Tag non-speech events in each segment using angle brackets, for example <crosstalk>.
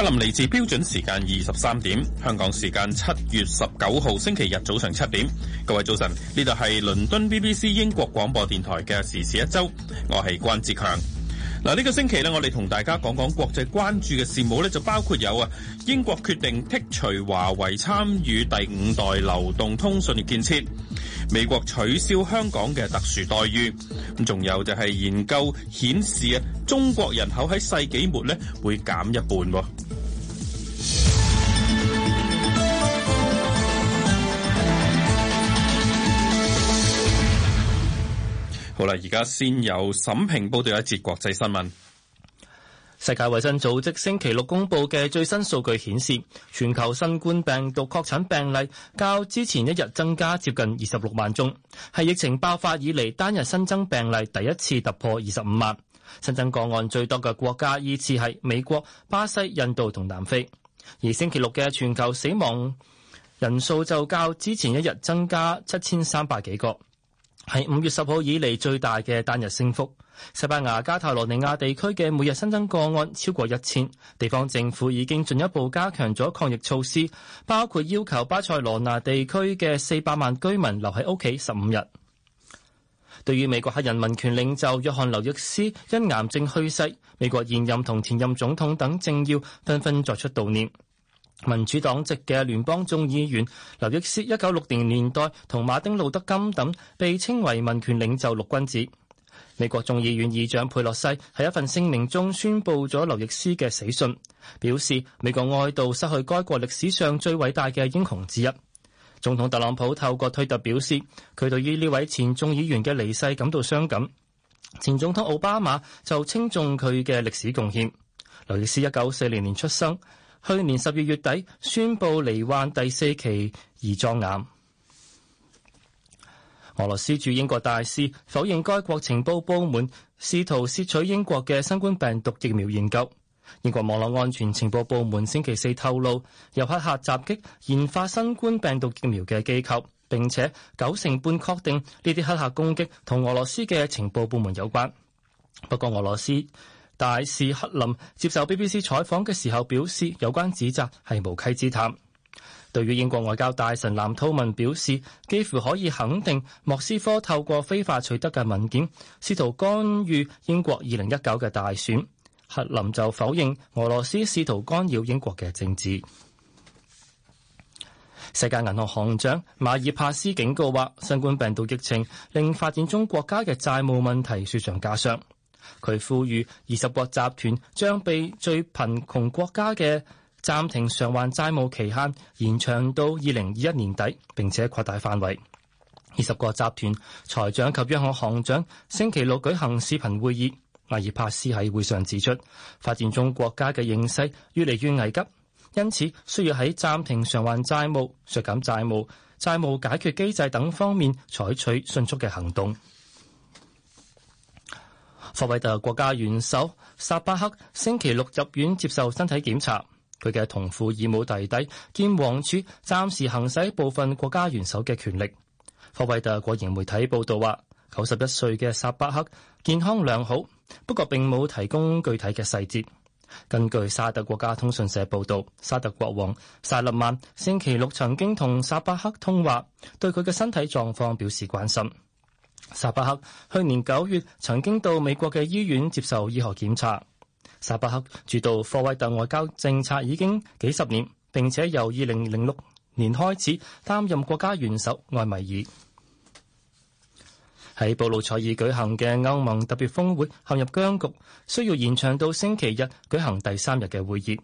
格林尼治標準時間二十三點，香港時間七月十九號星期日早上七點。各位早晨，呢度係倫敦 BBC 英國廣播電台嘅時事一周，我係關志強。嗱，呢個星期咧，我哋同大家講講國際關注嘅事務咧，就包括有啊，英國決定剔除華為參與第五代流動通訊建設，美國取消香港嘅特殊待遇，咁仲有就係研究顯示啊，中國人口喺世紀末咧會減一半哦。好啦，而家先由沈平報道一節國際新聞。世界衛生組織星期六公布嘅最新數據顯示，全球新冠病毒確診病例較之前一日增加接近二十六萬宗，係疫情爆發以嚟單日新增病例第一次突破二十五萬。新增個案最多嘅國家依次係美國、巴西、印度同南非。而星期六嘅全球死亡人數就較之前一日增加七千三百幾個。係五月十號以嚟，最大嘅單日升幅。西班牙加泰羅尼亞地區嘅每日新增個案超過一千，地方政府已經進一步加強咗抗疫措施，包括要求巴塞羅那地區嘅四百萬居民留喺屋企十五日。對於美國黑人民權領袖約翰劉易斯因癌症去世，美國現任同前任總統等政要紛紛作出悼念。民主黨籍嘅聯邦眾議員劉易斯，一九六零年代同馬丁路德金等被稱為民權領袖六君子。美國眾議院議長佩洛西喺一份聲明中宣布咗劉易斯嘅死訊，表示美國哀悼失去該國歷史上最偉大嘅英雄之一。總統特朗普透過推特表示，佢對於呢位前眾議員嘅離世感到傷感。前總統奧巴馬就稱頌佢嘅歷史貢獻。劉易斯一九四零年出生。去年十二月底宣布罹患第四期胰臟癌。俄羅斯駐英國大使否認該國情報部門試圖竊取英國嘅新冠病毒疫苗研究。英國網絡安全情報部門星期四透露，由黑客襲擊研發新冠病毒疫苗嘅機構，並且九成半確定呢啲黑客攻擊同俄羅斯嘅情報部門有關。不過俄羅斯。大使克林接受 BBC 採訪嘅時候表示，有關指責係無稽之談。對於英國外交大臣藍韜文表示，幾乎可以肯定莫斯科透過非法取得嘅文件，試圖干預英國二零一九嘅大選。克林就否認俄羅斯試圖干擾英國嘅政治。世界銀行行長馬爾帕斯警告話，新冠病毒疫情令發展中國家嘅債務問題雪上加霜。佢呼籲二十國集團將被最貧窮國家嘅暫停償還債務期限延長到二零二一年底，並且擴大範圍。二十國集團財長及央行行長星期六舉行視頻會議，艾爾帕斯喺會上指出，發展中國家嘅形勢越嚟越危急，因此需要喺暫停償還債務、削減債務、債務解決機制等方面採取迅速嘅行動。霍威特國家元首薩巴克星期六入院接受身體檢查，佢嘅同父異母弟弟兼王儲暫時行使部分國家元首嘅權力。霍威特國營媒體報道話，九十一歲嘅薩巴克健康良好，不過並冇提供具體嘅細節。根據沙特國家通訊社報道，沙特國王薩勒曼星期六曾經同薩巴克通話，對佢嘅身體狀況表示關心。沙巴克去年九月曾經到美國嘅醫院接受醫學檢查。沙巴克主導科威特外交政策已經幾十年，並且由二零零六年開始擔任國家元首艾米爾。喺布魯塞爾舉行嘅歐盟特別峰會陷入僵局，需要延長到星期日舉行第三日嘅會議。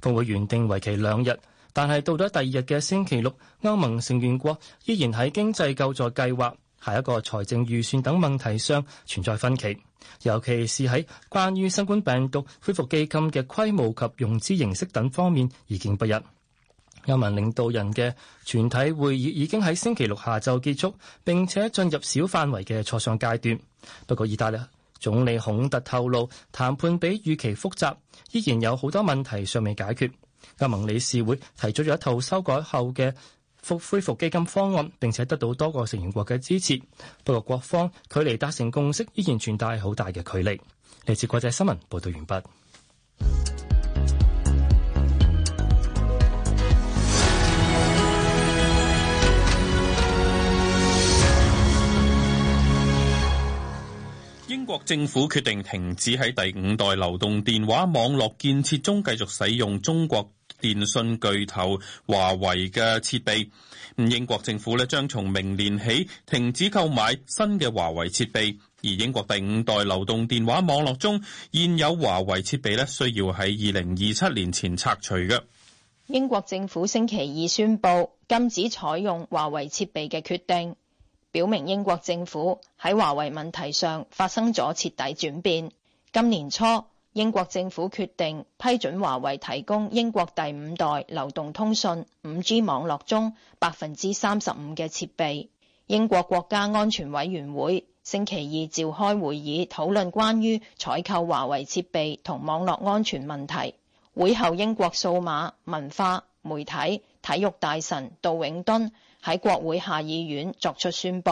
峰會原定為期兩日，但係到咗第二日嘅星期六，歐盟成員國依然喺經濟救助計劃。下一個財政預算等問題上存在分歧，尤其是喺關於新冠病毒恢復基金嘅規模及融資形式等方面意見不一。歐盟領導人嘅全體會議已經喺星期六下晝結束，並且進入小範圍嘅磋商階段。不過意大利總理孔特透露，談判比預期複雜，依然有好多問題尚未解決，歐盟理事會提出咗一套修改後嘅。復恢復基金方案，並且得到多個成員國嘅支持，不過各方距離達成共識依然存在好大嘅距離。嚟自國際新聞報道完畢。英國政府決定停止喺第五代流動電話網絡建設中繼續使用中國。電信巨頭華為嘅設備，英國政府咧將從明年起停止購買新嘅華為設備，而英國第五代流動電話網絡中現有華為設備咧需要喺二零二七年前拆除嘅。英國政府星期二宣布禁止採用華為設備嘅決定，表明英國政府喺華為問題上發生咗徹底轉變。今年初。英國政府決定批准華為提供英國第五代流動通訊五 G 網絡中百分之三十五嘅設備。英國國家安全委員會星期二召開會議，討論關於採購華為設備同網絡安全問題。會後，英國數碼、文化、媒體、體育大臣杜永敦。喺國會下議院作出宣布。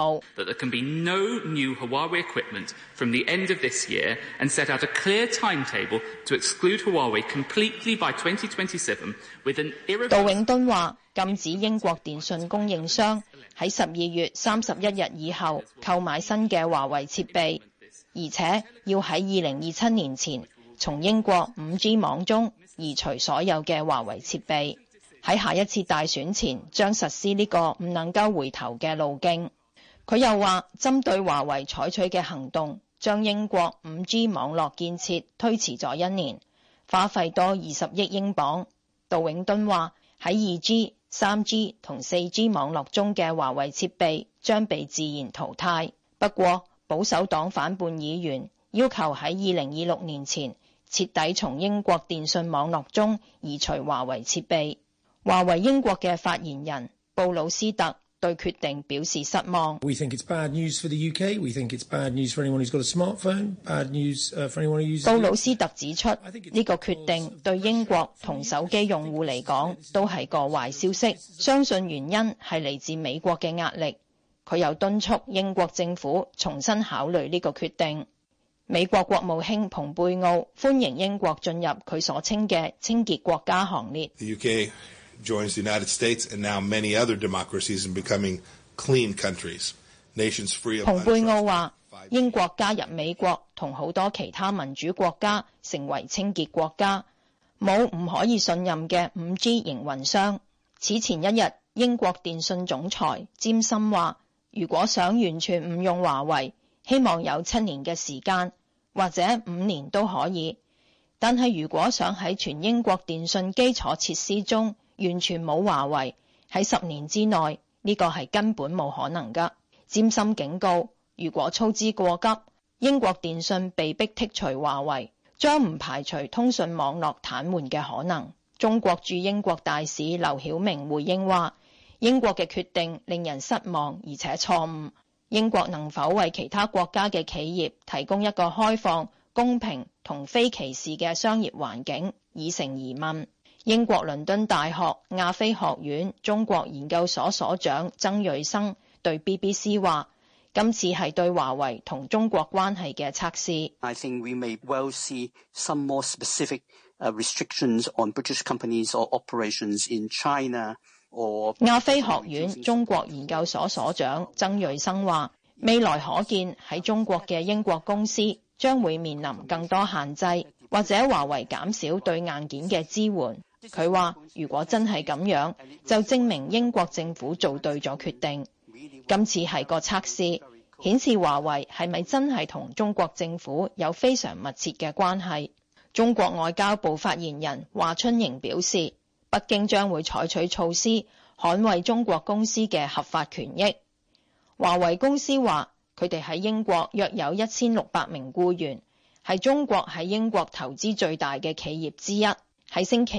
杜永敦話：禁止英國電訊供應商喺十二月三十一日以後購買新嘅華為設備，而且要喺二零二七年前從英國五 G 網中移除所有嘅華為設備。喺下一次大選前將實施呢個唔能夠回頭嘅路徑。佢又話，針對華為採取嘅行動，將英國五 G 網絡建設推遲咗一年，花費多二十億英鎊。杜永敦話，喺二 G、三 G 同四 G 網絡中嘅華為設備將被自然淘汰。不過，保守黨反叛議員要求喺二零二六年前徹底從英國電信網絡中移除華為設備。華為英國嘅發言人布魯斯特對決定表示失望。We think it's bad news for the UK. We think it's bad news for anyone who's got a smartphone. Bad news for anyone who uses. 布魯斯特指出呢個決定對英國同手機用戶嚟講都係個壞消息，相信原因係嚟自美國嘅壓力。佢又敦促英國政府重新考慮呢個決定。美國國務卿蓬佩奧歡迎英國進入佢所稱嘅清潔國家行列。joins the united states and now many other democracies in becoming clean countries 彭貝奧話英國加入美國同好多其他民主國家成為清潔國家冇唔可以信任嘅五 g 營運商此前一日英國電信總裁詹森話如果想完全唔用華為希望有七年嘅時間或者五年都可以但係如果想喺全英國電信基礎設施中完全冇華為喺十年之內呢個係根本冇可能噶。詹森警告，如果操之過急，英國電信被逼剔除華為，將唔排除通訊網絡癱瘓嘅可能。中國駐英國大使劉曉明回應話：英國嘅決定令人失望，而且錯誤。英國能否為其他國家嘅企業提供一個開放、公平同非歧視嘅商業環境，已成疑問。英國倫敦大學亞非學院中國研究所所長曾瑞生對 BBC 話，今次係對華為同中國關係嘅測試。I think we may well see some more specific restrictions on British companies or operations in China or 亞非學院中國研究所所長曾瑞生話，未來可見喺中國嘅英國公司將會面臨更多限制，或者華為減少對硬件嘅支援。佢話：如果真係咁樣，就證明英國政府做對咗決定。今次係個測試，顯示華為係咪真係同中國政府有非常密切嘅關係？中國外交部發言人華春瑩表示，北京將會採取措施捍衛中國公司嘅合法權益。華為公司話：佢哋喺英國約有一千六百名僱員，係中國喺英國投資最大嘅企業之一。喺星期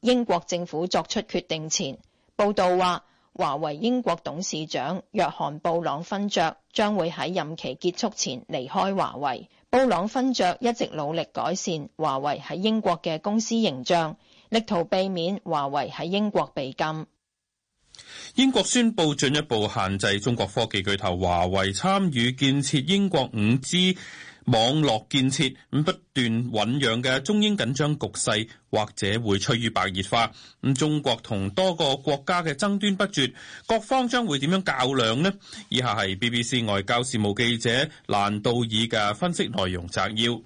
二，英國政府作出決定前，報道話，華為英國董事長約翰布朗勳爵將會喺任期結束前離開華為。布朗勳爵一直努力改善華為喺英國嘅公司形象，力圖避免華為喺英國被禁。英國宣布進一步限制中國科技巨頭華為參與建設英國五 G。網絡建設，咁不斷醞釀嘅中英緊張局勢，或者會趨於白熱化。咁中國同多個國家嘅爭端不絕，各方將會點樣較量呢？以下係 BBC 外交事務記者蘭道爾嘅分析內容摘要。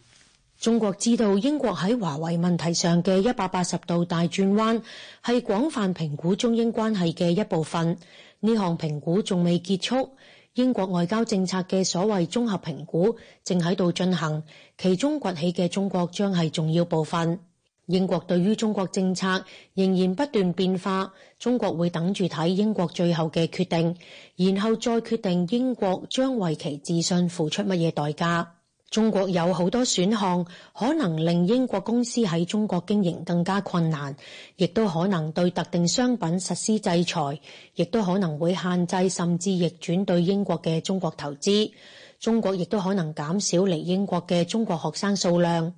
中國知道英國喺華爲問題上嘅一百八十度大轉彎，係廣泛評估中英關係嘅一部分。呢項評估仲未結束。英國外交政策嘅所謂綜合評估正喺度進行，其中崛起嘅中國將係重要部分。英國對於中國政策仍然不斷變化，中國會等住睇英國最後嘅決定，然後再決定英國將為其自信付出乜嘢代價。中國有好多選項，可能令英國公司喺中國經營更加困難，亦都可能對特定商品實施制裁，亦都可能會限制甚至逆轉對英國嘅中國投資。中國亦都可能減少嚟英國嘅中國學生數量。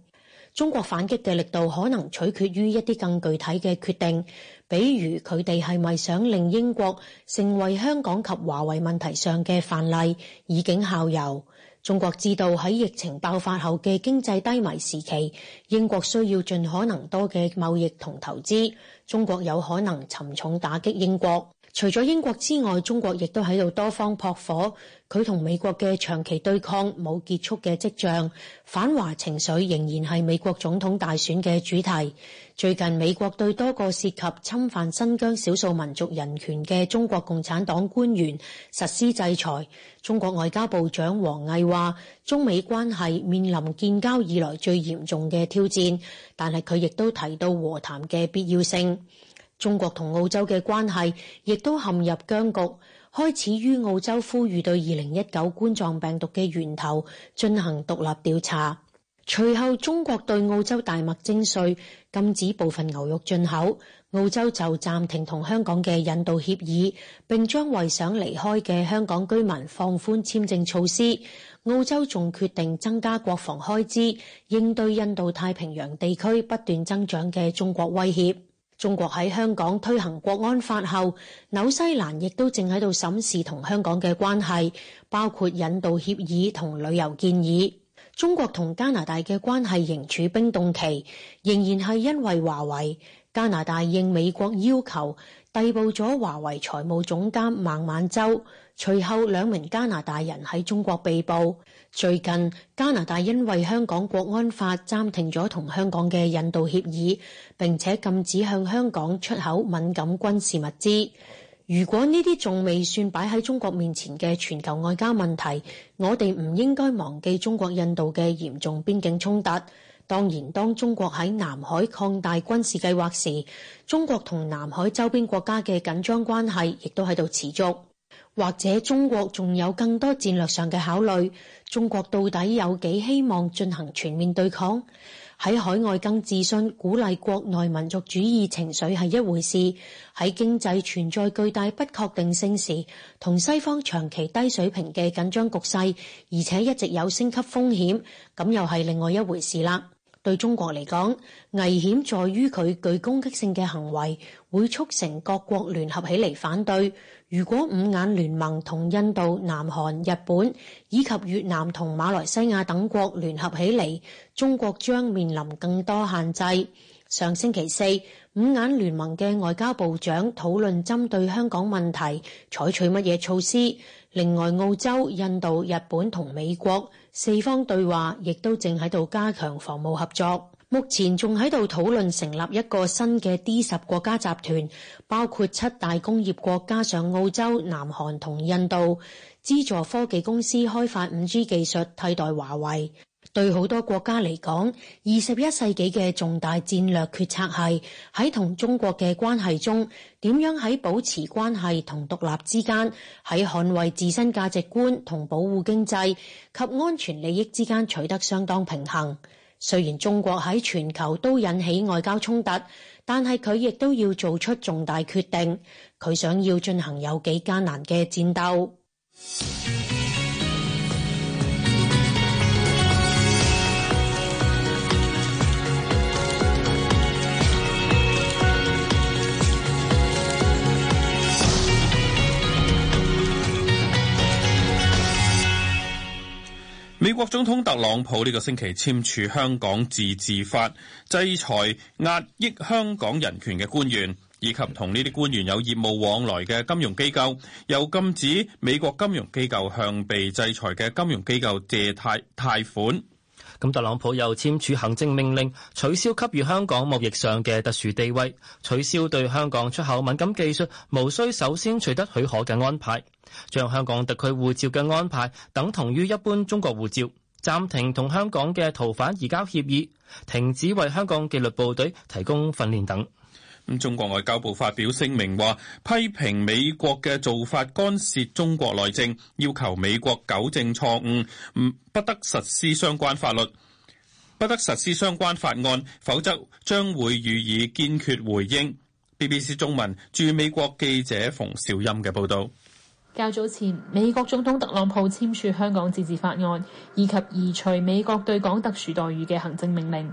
中國反擊嘅力度可能取決於一啲更具體嘅決定。比如佢哋係咪想令英國成為香港及華為問題上嘅範例以儆效尤？中國知道喺疫情爆發後嘅經濟低迷時期，英國需要盡可能多嘅貿易同投資，中國有可能沉重打擊英國。除咗英國之外，中國亦都喺度多方撲火。佢同美國嘅長期對抗冇結束嘅跡象，反華情緒仍然係美國總統大選嘅主題。最近美國對多個涉及侵犯新疆少數民族人權嘅中國共產黨官員實施制裁。中國外交部長王毅話，中美關係面臨建交以來最嚴重嘅挑戰，但係佢亦都提到和談嘅必要性。中國同澳洲嘅關係亦都陷入僵局，開始於澳洲呼籲對二零一九冠狀病毒嘅源頭進行獨立調查。隨後，中國對澳洲大麥徵稅，禁止部分牛肉進口。澳洲就暫停同香港嘅引渡協議，並將為想離開嘅香港居民放寬簽證措施。澳洲仲決定增加國防開支，應對印度太平洋地區不斷增長嘅中國威脅。中國喺香港推行國安法後，紐西蘭亦都正喺度審視同香港嘅關係，包括引渡協議同旅遊建議。中國同加拿大嘅關係仍處冰凍期，仍然係因為華為。加拿大應美國要求逮捕咗華為財務總監孟晚舟，隨後兩名加拿大人喺中國被捕。最近加拿大因為香港國安法暫停咗同香港嘅引渡協議，並且禁止向香港出口敏感軍事物資。如果呢啲仲未算擺喺中國面前嘅全球外交問題，我哋唔應該忘記中國印度嘅嚴重邊境衝突。當然，當中國喺南海擴大軍事計劃時，中國同南海周邊國家嘅緊張關係亦都喺度持續。或者中國仲有更多戰略上嘅考慮，中國到底有幾希望進行全面對抗？喺海外更自信、鼓勵國內民族主義情緒係一回事；喺經濟存在巨大不確定性時，同西方長期低水平嘅緊張局勢，而且一直有升級風險，咁又係另外一回事啦。對中國嚟講，危險在於佢具攻擊性嘅行為會促成各國聯合起嚟反對。如果五眼聯盟同印度、南韓、日本，以及越南同馬來西亞等國聯合起嚟，中國將面臨更多限制。上星期四,五眼聯盟嘅外交部長討論針對香港問題，採取乜嘢措施，另外澳洲、印度、日本同美國，四方對話亦都正喺度加強防務合作。目前仲喺度討論成立一個新嘅 D 十國家集團，包括七大工業國加上澳洲、南韓同印度，資助科技公司開發五 G 技術替代華為。對好多國家嚟講，二十一世紀嘅重大戰略決策係喺同中國嘅關係中，點樣喺保持關係同獨立之間，喺捍衛自身價值觀同保護經濟及安全利益之間取得相當平衡。雖然中國喺全球都引起外交衝突，但係佢亦都要做出重大決定，佢想要進行有幾艱難嘅戰鬥。美國總統特朗普呢個星期簽署《香港自治法》，制裁壓抑香港人權嘅官員，以及同呢啲官員有業務往來嘅金融機構，又禁止美國金融機構向被制裁嘅金融機構借貸貸款。咁特朗普又簽署行政命令，取消給予香港貿易上嘅特殊地位，取消對香港出口敏感技術無需首先取得許可嘅安排，將香港特區護照嘅安排等同於一般中國護照，暫停同香港嘅逃犯移交協議，停止為香港紀律部隊提供訓練等。咁中國外交部發表聲明話，批評美國嘅做法干涉中國內政，要求美國糾正錯誤，唔不得實施相關法律，不得實施相關法案，否則將會予以堅決回應。BBC 中文駐美國記者馮兆音嘅報導。較早前，美國總統特朗普簽署香港自治法案，以及移除美國對港特殊待遇嘅行政命令。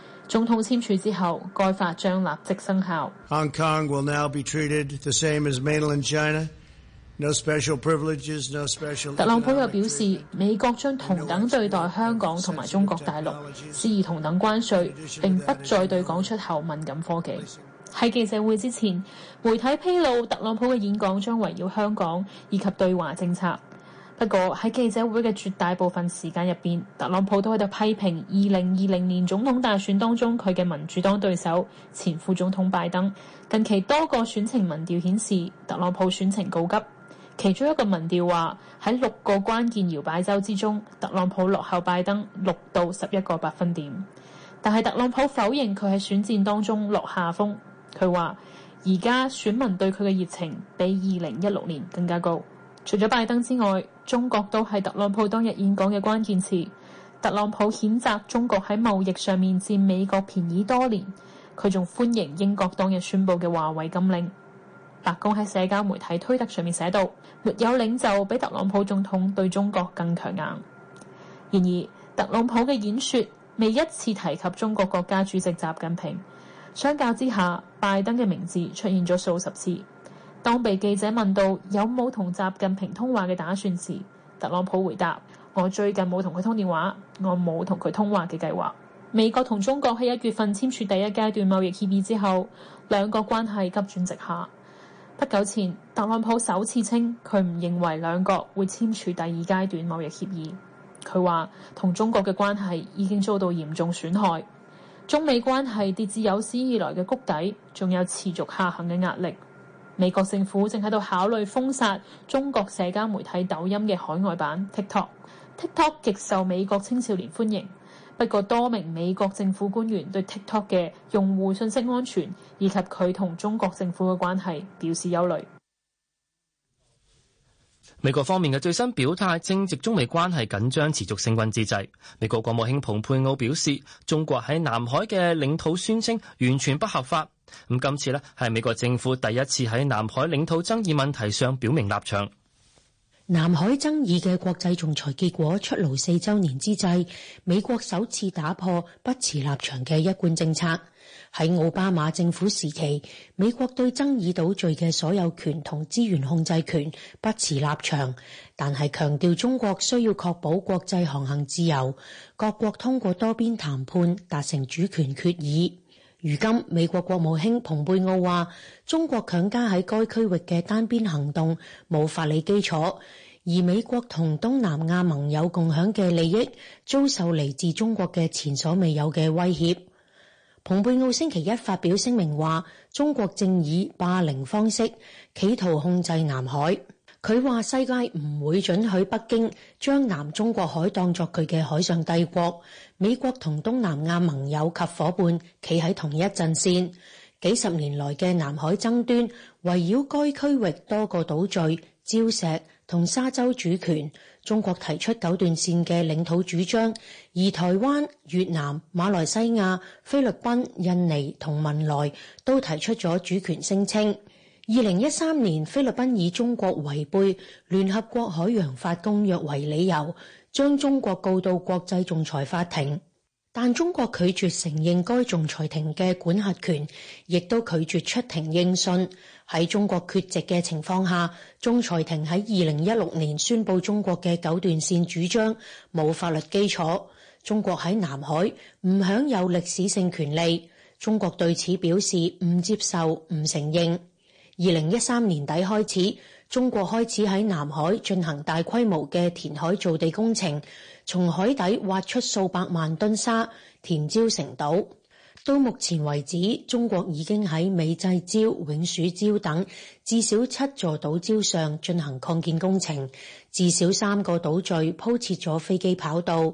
總統簽署之後，該法將立即生效。特朗普又表示，美國將同等對待香港同埋中國大陸，施以同等關稅，並不再對港出口敏感科技。喺記者會之前，媒體披露特朗普嘅演講將圍繞香港以及對華政策。不過喺記者會嘅絕大部分時間入邊，特朗普都喺度批評二零二零年總統大選當中佢嘅民主黨對手前副總統拜登。近期多個選情民調顯示，特朗普選情告急。其中一個民調話喺六個關鍵搖擺州之中，特朗普落後拜登六到十一個百分點。但係特朗普否認佢喺選戰當中落下風。佢話：而家選民對佢嘅熱情比二零一六年更加高。除咗拜登之外，中國都係特朗普當日演講嘅關鍵詞。特朗普譴責中國喺貿易上面佔美國便宜多年，佢仲歡迎英國當日宣佈嘅華為禁令。白宮喺社交媒體推特上面寫道，沒有領袖比特朗普總統對中國更強硬。然而，特朗普嘅演說未一次提及中國國家主席習近平，相較之下，拜登嘅名字出現咗數十次。當被記者問到有冇同習近平通話嘅打算時，特朗普回答：我最近冇同佢通電話，我冇同佢通話嘅計劃。美國同中國喺一月份簽署第一階段貿易協議之後，兩國關係急轉直下。不久前，特朗普首次稱佢唔認為兩國會簽署第二階段貿易協議。佢話：同中國嘅關係已經遭到嚴重損害，中美關係跌至有史以來嘅谷底，仲有持續下行嘅壓力。美國政府正喺度考慮封殺中國社交媒體抖音嘅海外版 TikTok。TikTok 極受美國青少年歡迎，不過多名美國政府官員對 TikTok 嘅用戶信息安全以及佢同中國政府嘅關係表示憂慮。美國方面嘅最新表態，正值中美關係緊張持續升溫之際。美國國務卿蓬佩奧表示，中國喺南海嘅領土宣稱完全不合法。咁今次呢係美國政府第一次喺南海領土爭議問題上表明立場。南海爭議嘅國際仲裁結果出爐四週年之際，美國首次打破不持立場嘅一貫政策。喺奧巴馬政府時期，美國對爭議島嶼嘅所有權同資源控制權不持立場，但係強調中國需要確保國際航行自由，各國通過多邊談判達成主權決議。如今，美國國務卿蓬佩奧話：中國強加喺該區域嘅單邊行動冇法理基礎，而美國同東南亞盟友共享嘅利益遭受嚟自中國嘅前所未有嘅威脅。蓬佩奧星期一發表聲明話：中國正以霸凌方式，企圖控制南海。佢話世界唔會准許北京將南中國海當作佢嘅海上帝國。美國同東南亞盟友及伙伴企喺同一陣線。幾十年來嘅南海爭端，圍繞該區域多個島嶼、礁石同沙洲主權。中國提出九段線嘅領土主張，而台灣、越南、馬來西亞、菲律賓、印尼同文萊都提出咗主權聲稱。二零一三年，菲律賓以中國違背聯合國海洋法公約為理由，將中國告到國際仲裁法庭。但中國拒絕承認該仲裁庭嘅管轄權，亦都拒絕出庭應訊。喺中國缺席嘅情況下，仲裁庭喺二零一六年宣布中國嘅九段線主張冇法律基礎。中國喺南海唔享有歷史性權利。中國對此表示唔接受、唔承認。二零一三年底開始，中國開始喺南海進行大規模嘅填海造地工程，從海底挖出數百萬噸沙，填礁成島。到目前為止，中國已經喺美濟礁、永暑礁等至少七座島礁上進行擴建工程，至少三個島嶼鋪設咗飛機跑道。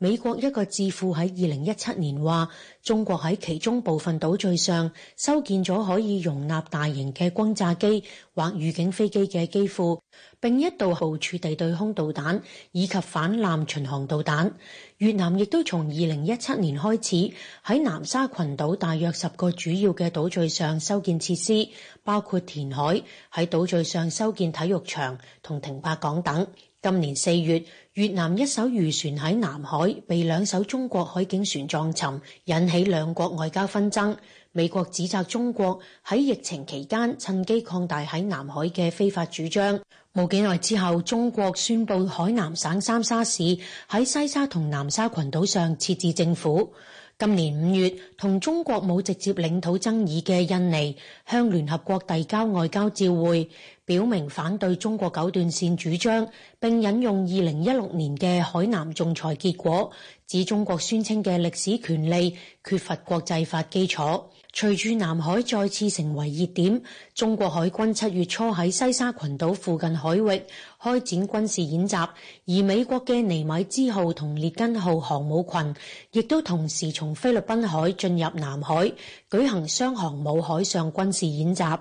美國一個智庫喺二零一七年話，中國喺其中部分島嶼上修建咗可以容納大型嘅轟炸機或預警飛機嘅機庫，並一度部署地對空導彈以及反艦巡航導彈。越南亦都從二零一七年開始喺南沙群島大約十個主要嘅島嶼上修建設施，包括填海喺島嶼上修建體育場同停泊港等。今年四月，越南一艘漁船喺南海被兩艘中國海警船撞沉，引起兩國外交紛爭。美國指責中國喺疫情期間趁機擴大喺南海嘅非法主張。冇幾耐之後，中國宣布海南省三沙市喺西沙同南沙群島上設置政府。今年五月，同中國冇直接領土爭議嘅印尼，向聯合國遞交外交照會，表明反對中國九段線主張，並引用二零一六年嘅海南仲裁結果，指中國宣稱嘅歷史權利缺乏國際法基礎。隨住南海再次成為熱點，中國海軍七月初喺西沙群島附近海域開展軍事演習，而美國嘅尼米茲號同列根號航母群亦都同時從菲律賓海進入南海，舉行雙航母海上軍事演習。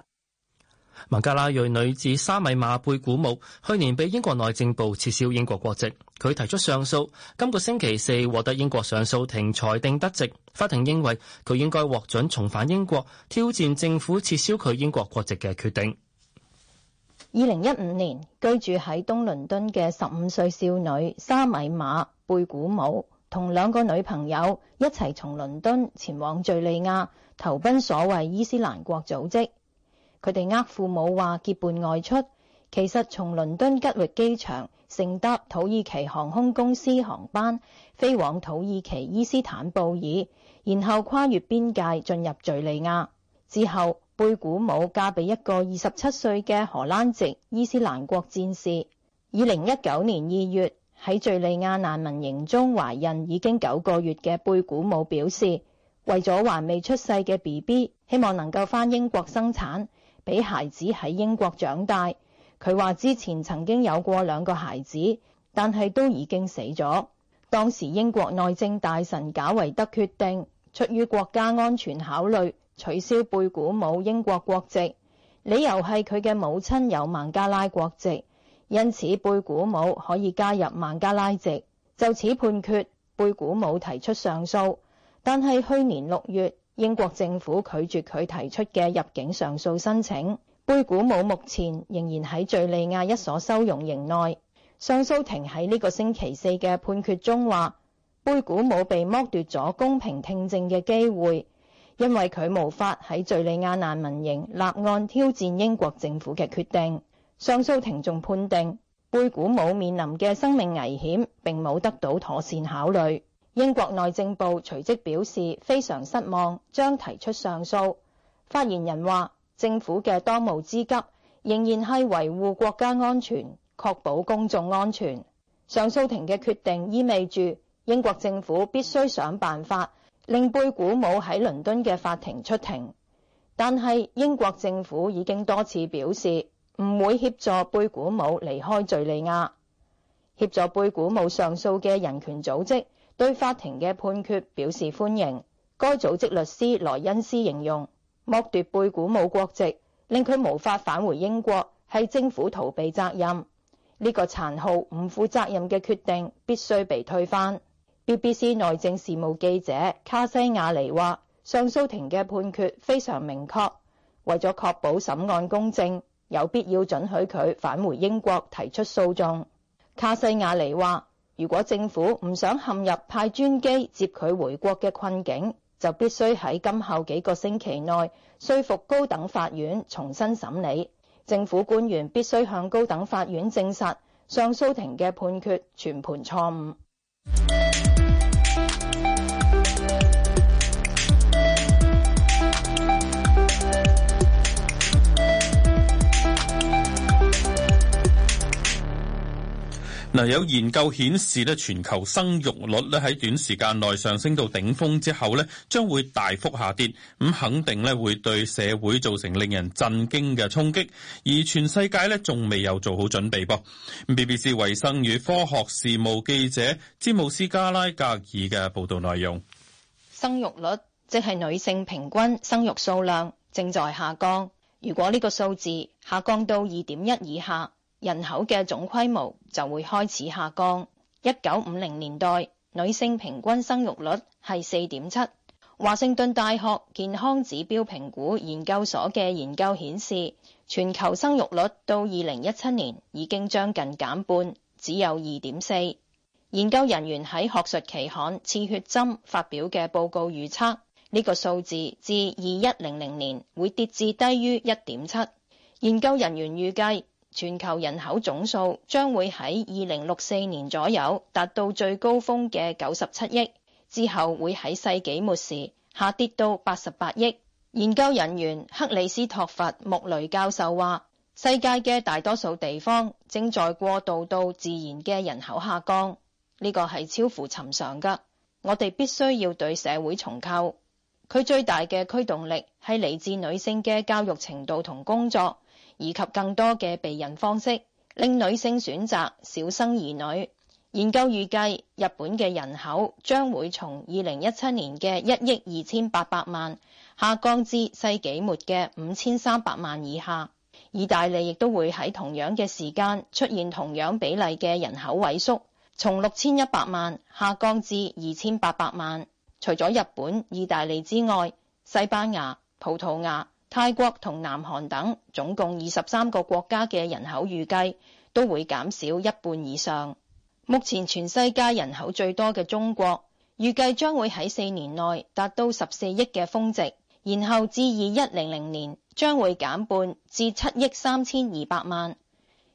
孟加拉裔女子沙米馬貝古姆去年被英國內政部撤銷英國國籍。佢提出上訴，今個星期四獲得英國上訴庭裁定得直。法庭認為佢應該獲准重返英國，挑戰政府撤銷佢英國國籍嘅決定。二零一五年，居住喺東倫敦嘅十五歲少女沙米馬貝古姆同兩個女朋友一齊從倫敦前往敍利亞投奔所謂伊斯蘭國組織。佢哋呃父母話結伴外出。其實從倫敦吉域機場乘搭土耳其航空公司航班飛往土耳其伊斯坦布爾，然後跨越邊界進入敘利亞之後，貝古姆嫁俾一個二十七歲嘅荷蘭籍伊斯蘭國戰士。二零一九年二月喺敘利亞難民營中懷孕已經九個月嘅貝古姆表示，為咗還未出世嘅 BB，希望能夠返英國生產，俾孩子喺英國長大。佢話之前曾經有過兩個孩子，但係都已經死咗。當時英國內政大臣賈維德決定，出於國家安全考慮，取消貝古姆英國國籍。理由係佢嘅母親有孟加拉國籍，因此貝古姆可以加入孟加拉籍。就此判決，貝古姆提出上訴，但係去年六月，英國政府拒絕佢提出嘅入境上訴申請。貝古姆目前仍然喺敘利亞一所收容營內。上訴庭喺呢個星期四嘅判決中話，貝古姆被剝奪咗公平聽證嘅機會，因為佢無法喺敘利亞難民營立案挑戰英國政府嘅決定。上訴庭仲判定貝古姆面臨嘅生命危險，並冇得到妥善考慮。英國內政部隨即表示非常失望，將提出上訴。發言人話：政府嘅當務之急仍然係維護國家安全，確保公眾安全。上訴庭嘅決定意味住英國政府必須想辦法令貝古姆喺倫敦嘅法庭出庭，但係英國政府已經多次表示唔會協助貝古姆離開敍利亞。協助貝古姆上訴嘅人權組織對法庭嘅判決表示歡迎。該組織律師萊恩斯形容：剝奪貝古姆國籍，令佢無法返回英國，係政府逃避責任呢個殘酷、唔負責任嘅決定，必須被推翻。BBC 內政事務記者卡西亞尼話：上訴庭嘅判決非常明確，為咗確保審案公正，有必要准許佢返回英國提出訴訟。卡西亞尼話：如果政府唔想陷入派專機接佢回國嘅困境，就必須喺今後幾個星期內，說服高等法院重新審理，政府官員必須向高等法院證實上訴庭嘅判決全盤錯誤。嗱，有研究顯示咧，全球生育率咧喺短時間內上升到頂峰之後咧，將會大幅下跌，咁肯定咧會對社會造成令人震驚嘅衝擊，而全世界咧仲未有做好準備噃。BBC 衞生與科學事務記者詹姆斯加拉格爾嘅報導內容，生育率即係女性平均生育數量正在下降，如果呢個數字下降到二點一以下，人口嘅總規模就會開始下降。一九五零年代女性平均生育率係四點七。華盛頓大學健康指標評估研究所嘅研究顯示，全球生育率到二零一七年已經將近減半，只有二點四。研究人員喺學術期刊《刺血針》發表嘅報告預測，呢個數字至二一零零年會跌至低於一點七。研究人員預計。全球人口總數將會喺二零六四年左右達到最高峰嘅九十七億，之後會喺世紀末時下跌到八十八億。研究人員克里斯托弗穆雷教授話：世界嘅大多數地方正在過渡到自然嘅人口下降，呢個係超乎尋常噶。我哋必須要對社會重構。佢最大嘅驅動力係嚟自女性嘅教育程度同工作以及更多嘅避孕方式，令女性選擇少生兒女。研究預計，日本嘅人口將會從二零一七年嘅一億二千八百萬下降至世紀末嘅五千三百萬以下。意大利亦都會喺同樣嘅時間出現同樣比例嘅人口萎縮，從六千一百萬下降至二千八百萬。除咗日本、意大利之外，西班牙、葡萄牙。泰國同南韓等總共二十三個國家嘅人口預計都會減少一半以上。目前全世界人口最多嘅中國，預計將會喺四年內達到十四億嘅峰值，然後至二一零零年將會減半至七億三千二百萬。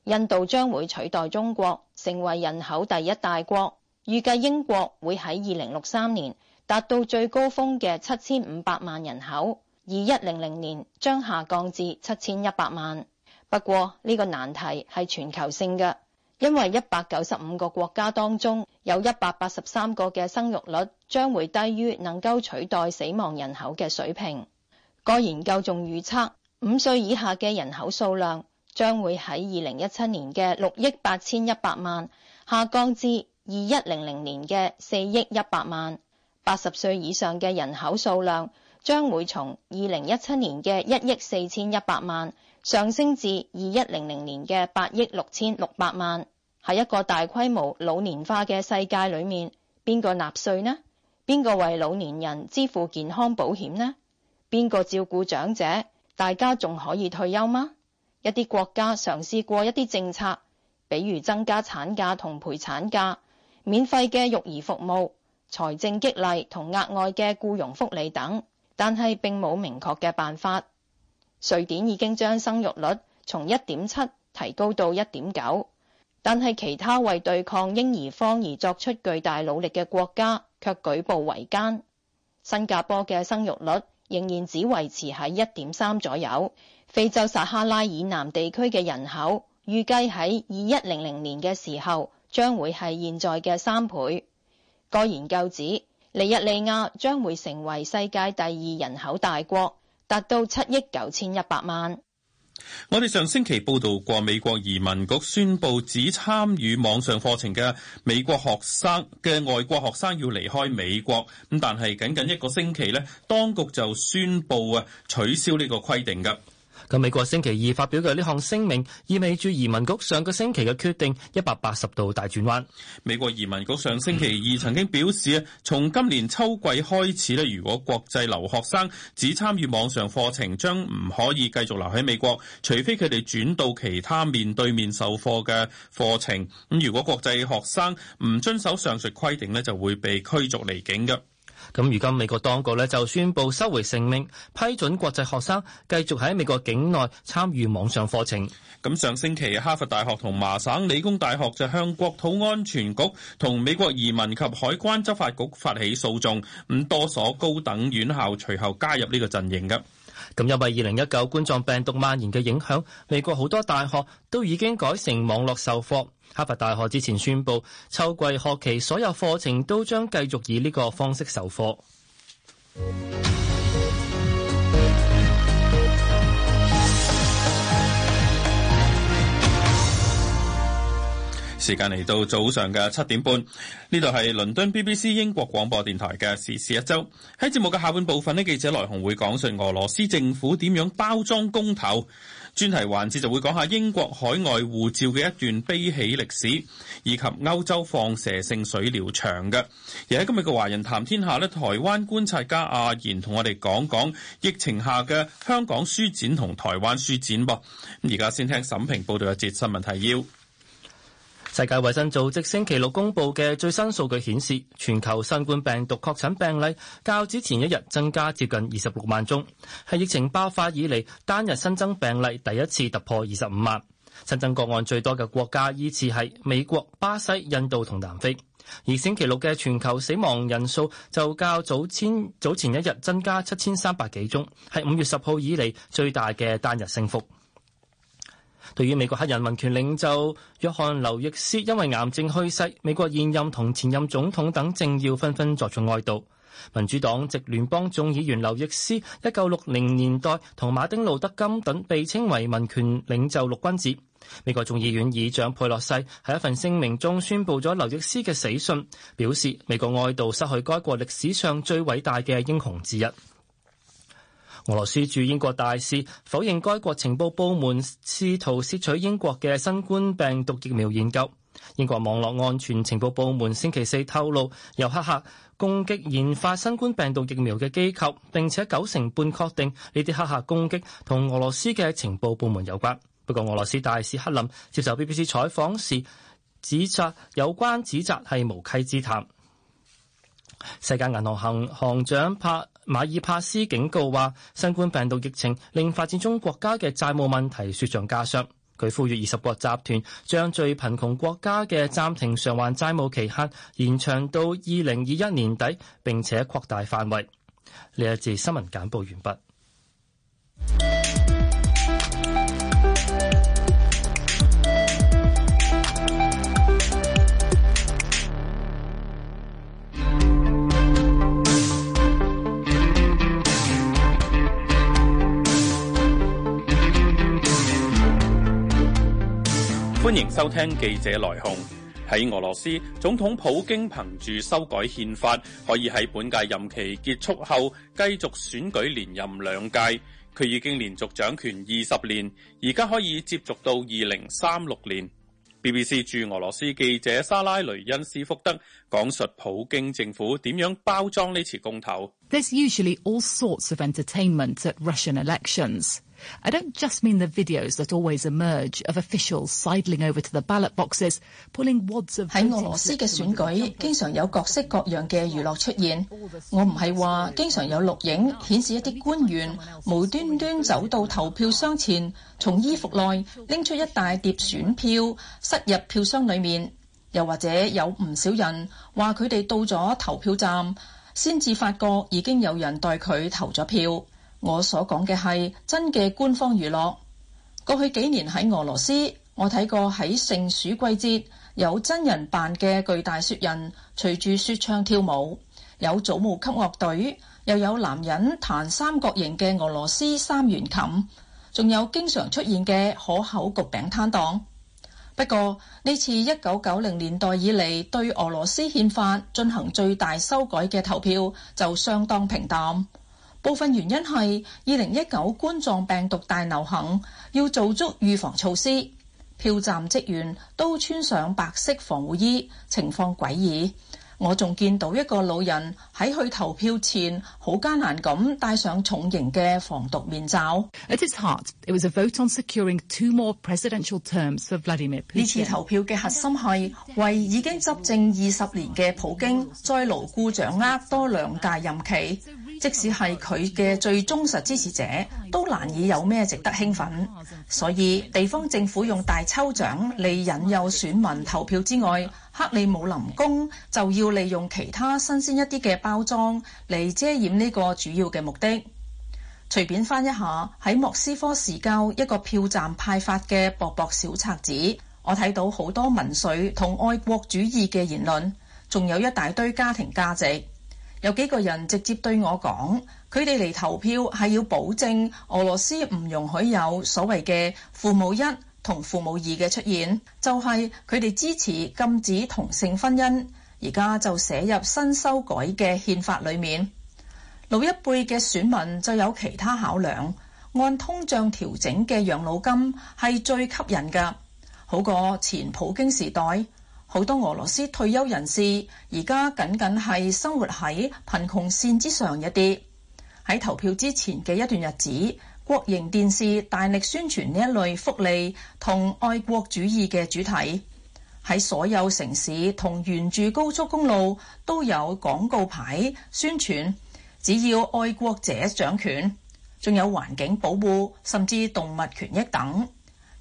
印度將會取代中國，成為人口第一大國。預計英國會喺二零六三年達到最高峰嘅七千五百萬人口。二一零零年將下降至七千一百萬。不過呢個難題係全球性嘅，因為一百九十五個國家當中有一百八十三個嘅生育率將會低於能夠取代死亡人口嘅水平。該研究仲預測，五歲以下嘅人口數量將會喺二零一七年嘅六億八千一百萬下降至二一零零年嘅四億一百萬。八十歲以上嘅人口數量，將會從二零一七年嘅一億四千一百萬上升至二一零零年嘅八億六千六百萬。喺一個大規模老年化嘅世界裏面，邊個納稅呢？邊個為老年人支付健康保險呢？邊個照顧長者？大家仲可以退休嗎？一啲國家嘗試過一啲政策，比如增加產假同陪產假、免費嘅育兒服務、財政激勵同額外嘅雇傭福利等。但係並冇明確嘅辦法。瑞典已經將生育率從一點七提高到一點九，但係其他為對抗嬰兒荒而作出巨大努力嘅國家卻舉步維艱。新加坡嘅生育率仍然只維持喺一點三左右。非洲撒哈拉以南地區嘅人口預計喺二一零零年嘅時候將會係現在嘅三倍。個研究指。尼日利亞將會成為世界第二人口大國，達到七億九千一百萬。我哋上星期報道過，美國移民局宣布只參與網上課程嘅美國學生嘅外國學生要離開美國，咁但係僅僅一個星期呢，當局就宣布啊取消呢個規定噶。咁美國星期二發表嘅呢項聲明，意味住移民局上個星期嘅決定一百八十度大轉彎。美國移民局上星期二曾經表示啊，從今年秋季開始咧，如果國際留學生只參與網上課程，將唔可以繼續留喺美國，除非佢哋轉到其他面對面授課嘅課程。咁如果國際學生唔遵守上述規定咧，就會被驅逐離境嘅。咁如今美國當局呢，就宣布收回成命，批准國際學生繼續喺美國境內參與網上課程。咁上星期哈佛大學同麻省理工大學就向國土安全局同美國移民及海關執法局發起訴訟，咁多所高等院校隨後加入呢個陣營嘅。咁因為二零一九冠狀病毒蔓延嘅影響，美國好多大學都已經改成網絡授課。哈佛大學之前宣布，秋季學期所有課程都將繼續以呢個方式授課。時間嚟到早上嘅七點半，呢度係倫敦 BBC 英國廣播電台嘅時事一周。喺節目嘅下半部分咧，記者來鴻會講述俄羅斯政府點樣包裝公投。專題環節就會講下英國海外護照嘅一段悲喜歷史，以及歐洲放射性水療場嘅。而喺今日嘅《華人談天下》咧，台灣觀察家阿言同我哋講講疫情下嘅香港書展同台灣書展。噉而家先聽沈平報道一節新聞提要。世界衛生組織星期六公布嘅最新數據顯示，全球新冠病毒確診病例較之前一日增加接近二十六萬宗，係疫情爆發以嚟單日新增病例第一次突破二十五萬。新增個案最多嘅國家依次係美國、巴西、印度同南非。而星期六嘅全球死亡人數就較早前早前一日增加七千三百幾宗，係五月十號以嚟最大嘅單日升幅。對於美國黑人民權領袖約翰·劉易斯因為癌症去世，美國現任同前任總統等政要紛紛作出哀悼。民主黨籍聯邦眾議員劉易斯一九六零年代同馬丁·路德·金等被稱為民權領袖六君子。美國眾議院議長佩洛西喺一份聲明中宣佈咗劉易斯嘅死訊，表示美國哀悼失去該國歷史上最偉大嘅英雄之一。俄羅斯駐英國大使否認該國情報部門試圖竊取英國嘅新冠病毒疫苗研究。英國網絡安全情報部門星期四透露，由黑客、客攻擊研發新冠病毒疫苗嘅機構，並且九成半確定呢啲黑客攻擊同俄羅斯嘅情報部門有關。不過，俄羅斯大使克林接受 BBC 採訪時指責有關指責係無稽之談。世界銀行行行長帕馬爾帕斯警告話，新冠病毒疫情令發展中國家嘅債務問題雪上加霜。佢呼籲二十國集團將最貧窮國家嘅暫停償還債務期限延長到二零二一年底，並且擴大範圍。呢一節新聞簡報完畢。歡迎收聽記者來鴻。喺俄羅斯，總統普京憑住修改憲法，可以喺本屆任期結束後繼續選舉連任兩屆。佢已經連續掌權二十年，而家可以接續到二零三六年。BBC 駐俄羅斯記者莎拉雷恩斯福德講述普京政府點樣包裝呢次公投。喺 of 俄羅斯嘅選舉，經常有各式各樣嘅娛樂出現。我唔係話經常有錄影顯示一啲官員無端端走到投票箱前，從衣服內拎出一大碟選票，塞入票箱裏面。又或者有唔少人話佢哋到咗投票站，先至發覺已經有人代佢投咗票。我所講嘅係真嘅官方娛樂。過去幾年喺俄羅斯，我睇過喺盛暑季節有真人扮嘅巨大雪人隨住說唱跳舞，有祖母級樂隊，又有男人彈三角形嘅俄羅斯三弦琴，仲有經常出現嘅可口焗餅攤檔。不過呢次一九九零年代以嚟對俄羅斯憲法進行最大修改嘅投票就相當平淡。部分原因係二零一九冠狀病毒大流行，要做足預防措施。票站職員都穿上白色防護衣，情況詭異。我仲見到一個老人喺去投票前，好艱難咁戴上重型嘅防毒面罩。呢次投票嘅核心係為已經執政二十年嘅普京再牢固掌握多兩屆任期。即使係佢嘅最忠實支持者，都難以有咩值得興奮。所以地方政府用大抽獎嚟引誘選民投票之外，克里姆林宮就要利用其他新鮮一啲嘅包裝嚟遮掩呢個主要嘅目的。隨便翻一下喺莫斯科市郊一個票站派發嘅薄薄小冊子，我睇到好多民粹同愛國主義嘅言論，仲有一大堆家庭價值。有幾個人直接對我講，佢哋嚟投票係要保證俄羅斯唔容許有所謂嘅父母一同父母二嘅出現，就係佢哋支持禁止同性婚姻，而家就寫入新修改嘅憲法裏面。老一輩嘅選民就有其他考量，按通脹調整嘅養老金係最吸引㗎，好過前普京時代。好多俄羅斯退休人士而家僅僅係生活喺貧窮線之上一啲。喺投票之前嘅一段日子，國營電視大力宣傳呢一類福利同愛國主義嘅主題。喺所有城市同沿住高速公路都有廣告牌宣傳，只要愛國者掌權，仲有環境保護，甚至動物權益等。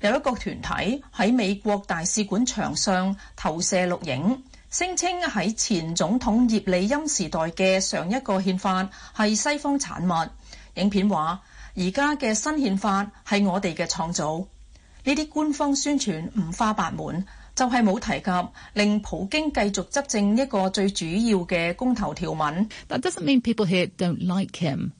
有一個團體喺美國大使館牆上投射錄影，聲稱喺前總統葉利欽時代嘅上一個憲法係西方產物。影片話：而家嘅新憲法係我哋嘅創造。呢啲官方宣傳五花八門，就係冇提及令普京繼續執政一個最主要嘅公投條文。That doesn't mean people here don't like him.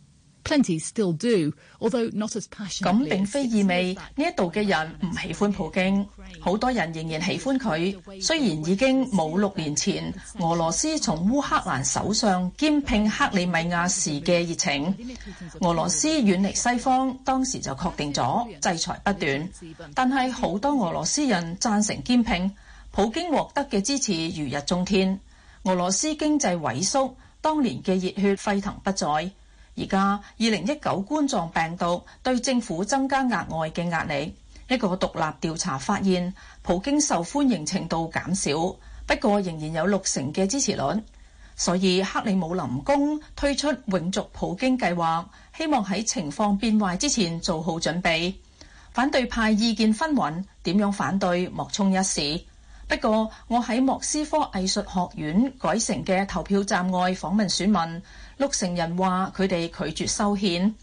咁並非意味呢一度嘅人唔喜歡普京，好多人仍然喜歡佢，雖然已經冇六年前俄羅斯從烏克蘭手上兼併克里米亞時嘅熱情。俄羅斯遠離西方，當時就確定咗制裁不斷，但係好多俄羅斯人贊成兼併，普京獲得嘅支持如日中天。俄羅斯經濟萎縮，當年嘅熱血沸騰不再。而家二零一九冠狀病毒對政府增加額外嘅壓力。一個獨立調查發現，普京受歡迎程度減少，不過仍然有六成嘅支持率。所以克里姆林宮推出永續普京計劃，希望喺情況變壞之前做好準備。反對派意見紛紜，點樣反對莫衷一是。不過我喺莫斯科藝術學院改成嘅投票站外訪問選民。六成人話佢哋拒絕修憲，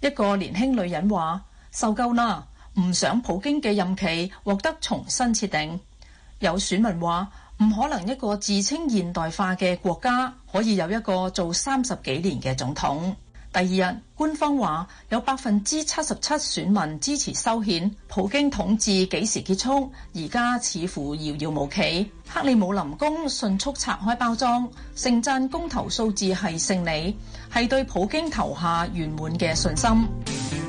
一個年輕女人話受夠啦，唔想普京嘅任期獲得重新設定。有選民話唔可能一個自稱現代化嘅國家可以有一個做三十幾年嘅總統。第二日，官方話有百分之七十七選民支持修憲，普京統治幾時結束？而家似乎遙遙無期。克里姆林宮迅速拆開包裝，盛讚公投數字係勝利，係對普京投下圓滿嘅信心。